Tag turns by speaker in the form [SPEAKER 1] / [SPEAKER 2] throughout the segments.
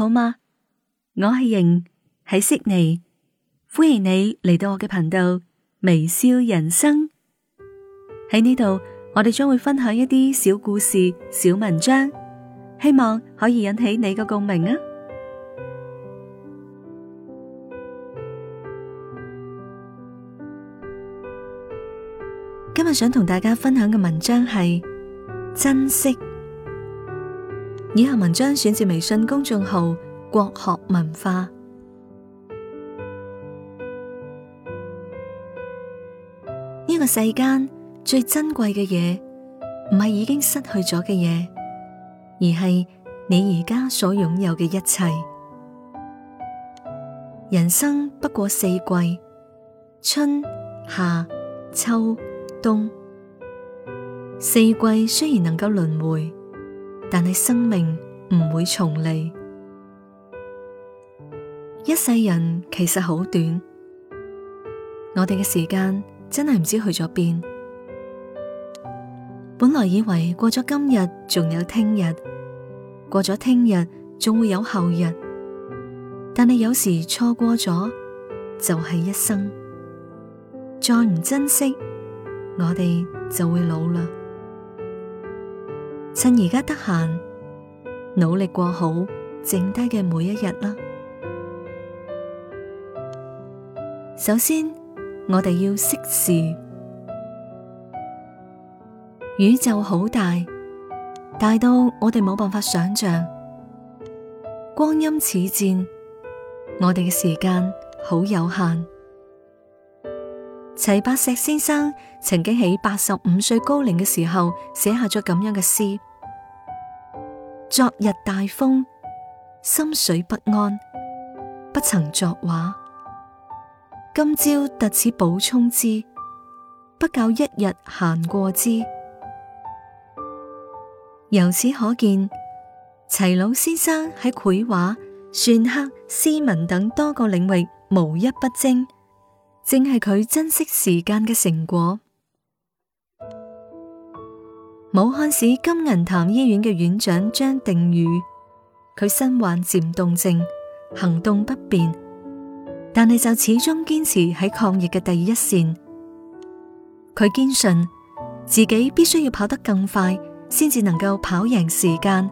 [SPEAKER 1] 好嗎？我係瑩，喺悉尼，歡迎你嚟到我嘅頻道微笑人生。喺呢度，我哋將會分享一啲小故事、小文章，希望可以引起你嘅共鳴啊！今日想同大家分享嘅文章係珍惜。以下文章選自微信公眾號國學文化。呢個世間最珍貴嘅嘢，唔係已經失去咗嘅嘢，而係你而家所擁有嘅一切。人生不過四季，春夏秋冬。四季雖然能夠輪回。但係生命唔會重嚟，一世人其實好短，我哋嘅時間真係唔知去咗邊。本來以為過咗今日仲有聽日，過咗聽日仲會有後日，但係有時錯過咗就係一生，再唔珍惜，我哋就會老啦。趁而家得閒，努力過好剩低嘅每一日啦。首先，我哋要識時。宇宙好大，大到我哋冇辦法想象。光陰似箭，我哋嘅時間好有限。齊白石先生曾經喺八十五歲高齡嘅時候寫下咗咁樣嘅詩。昨日大風，心水不安，不曾作畫。今朝特此補充之，不教一日閒過之。由此可見，齊老先生喺繪畫、篆刻、詩文等多個領域無一不精，正係佢珍惜時間嘅成果。武漢市金銀潭醫院嘅院長張定宇，佢身患漸凍症，行動不便，但係就始終堅持喺抗疫嘅第一線。佢堅信自己必須要跑得更快，先至能夠跑贏時間，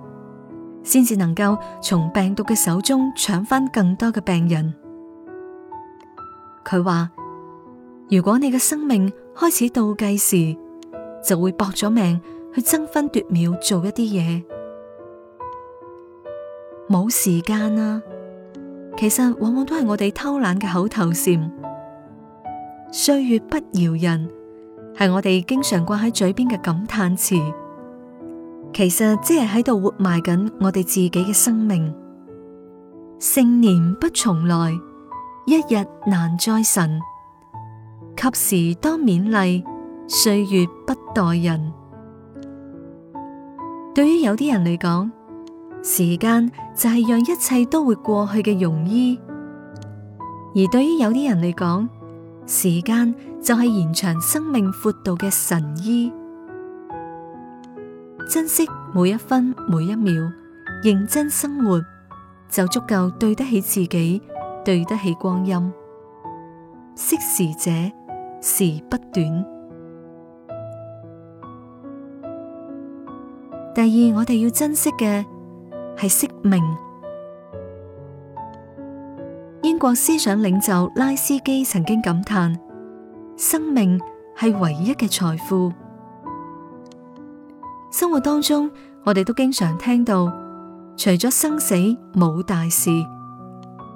[SPEAKER 1] 先至能夠從病毒嘅手中搶返更多嘅病人。佢話：如果你嘅生命開始倒計時，就會搏咗命。去爭分奪秒做一啲嘢，冇時間啦，啊。其實往往都係我哋偷懶嘅口頭禪。歲月不饒人，係我哋經常掛喺嘴邊嘅感嘆詞。其實即係喺度活埋緊我哋自己嘅生命。盛年不重來，一日難再晨。及時當勉勵，歲月不待人。對於有啲人嚟講，時間就係讓一切都會過去嘅庸醫；而對於有啲人嚟講，時間就係延長生命闊度嘅神醫。珍惜每一分每一秒，認真生活就足夠對得起自己，對得起光陰。惜時者，時不短。第二，我哋要珍惜嘅係惜命。英國思想領袖拉斯基曾經感歎：生命係唯一嘅財富。生活當中，我哋都經常聽到，除咗生死冇大事，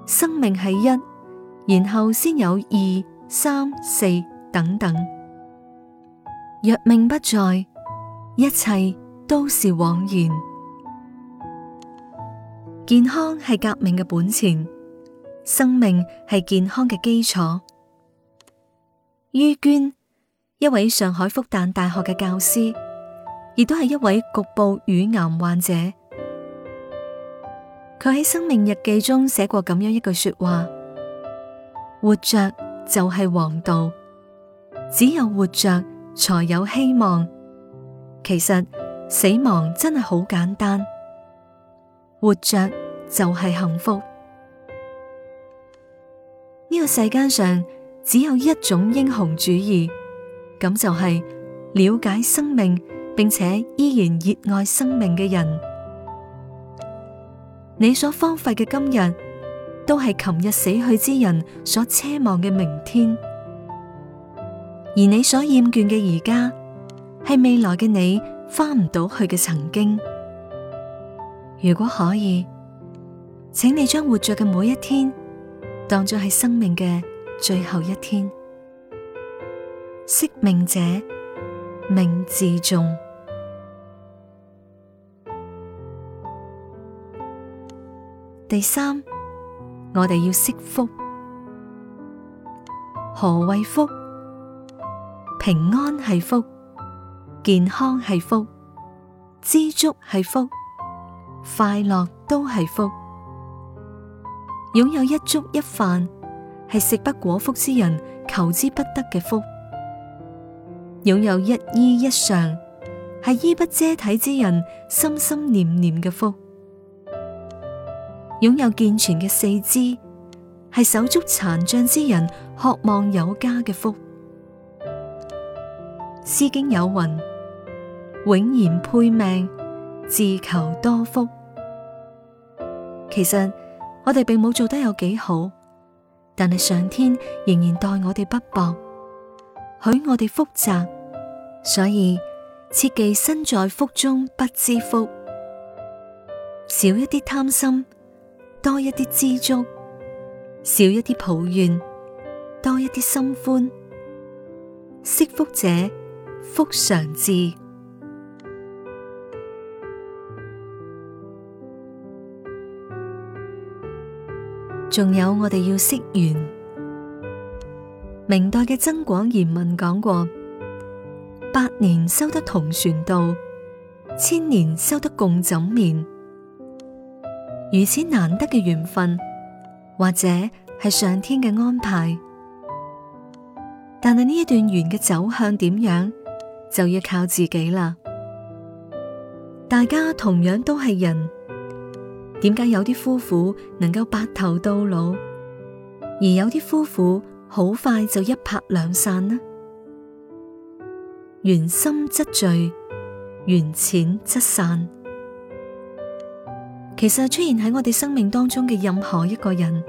[SPEAKER 1] 生命係一，然後先有二、三、四等等。若命不在，一切，都是枉然。健康係革命嘅本錢，生命係健康嘅基礎。于娟，一位上海復旦大學嘅教師，亦都係一位局部乳癌患者。佢喺生命日記中寫過咁樣一句說話：活着就係王道，只有活着才有希望。其實。死亡真係好簡單，活着就係幸福。呢、這個世界上只有一種英雄主義，咁就係了解生命，並且依然熱愛生命嘅人。你所荒廢嘅今日，都係琴日死去之人所奢望嘅明天；而你所厭倦嘅而家，係未來嘅你。翻唔到去嘅曾經，如果可以，請你將活着嘅每一天當作係生命嘅最後一天。惜命者，命自重。第三，我哋要惜福。何謂福？平安係福。健康係福，知足係福，快樂都係福。擁有一粥一飯，係食不果腹之人求之不得嘅福；擁有一衣一裳，係衣不遮體之人心心念念嘅福；擁有健全嘅四肢，係手足殘障之人渴望有家嘅福。詩經有云。永言配命，自求多福。其實我哋並冇做得有幾好，但係上天仍然待我哋不薄，許我哋福澤。所以切記身在福中不知福，少一啲貪心，多一啲知足；少一啲抱怨，多一啲心寬。惜福者福常至。仲有我哋要惜緣，明代嘅增廣賢文講過：百年修得同船渡，千年修得共枕眠。如此難得嘅緣分，或者係上天嘅安排。但係呢一段緣嘅走向點樣，就要靠自己啦。大家同樣都係人。點解有啲夫婦能夠白頭到老，而有啲夫婦好快就一拍兩散呢？緣深則聚，緣淺則散。其實出現喺我哋生命當中嘅任何一個人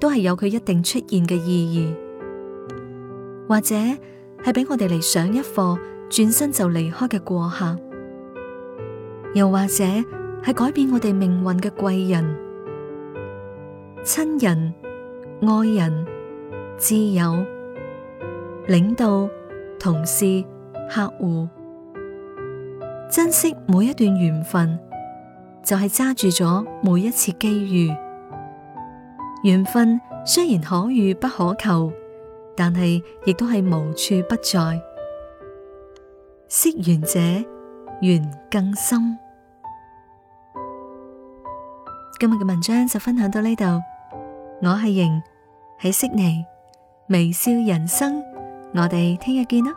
[SPEAKER 1] 都係有佢一定出現嘅意義，或者係俾我哋嚟上一課，轉身就離開嘅過客，又或者。係改變我哋命運嘅貴人、親人、愛人、摯友、領導、同事、客戶，珍惜每一段緣分，就係揸住咗每一次機遇。緣分雖然可遇不可求，但係亦都係無處不在。惜緣者，緣更深。今日嘅文章就分享到呢度，我係瑩喺悉尼微笑人生，我哋聽日見啦。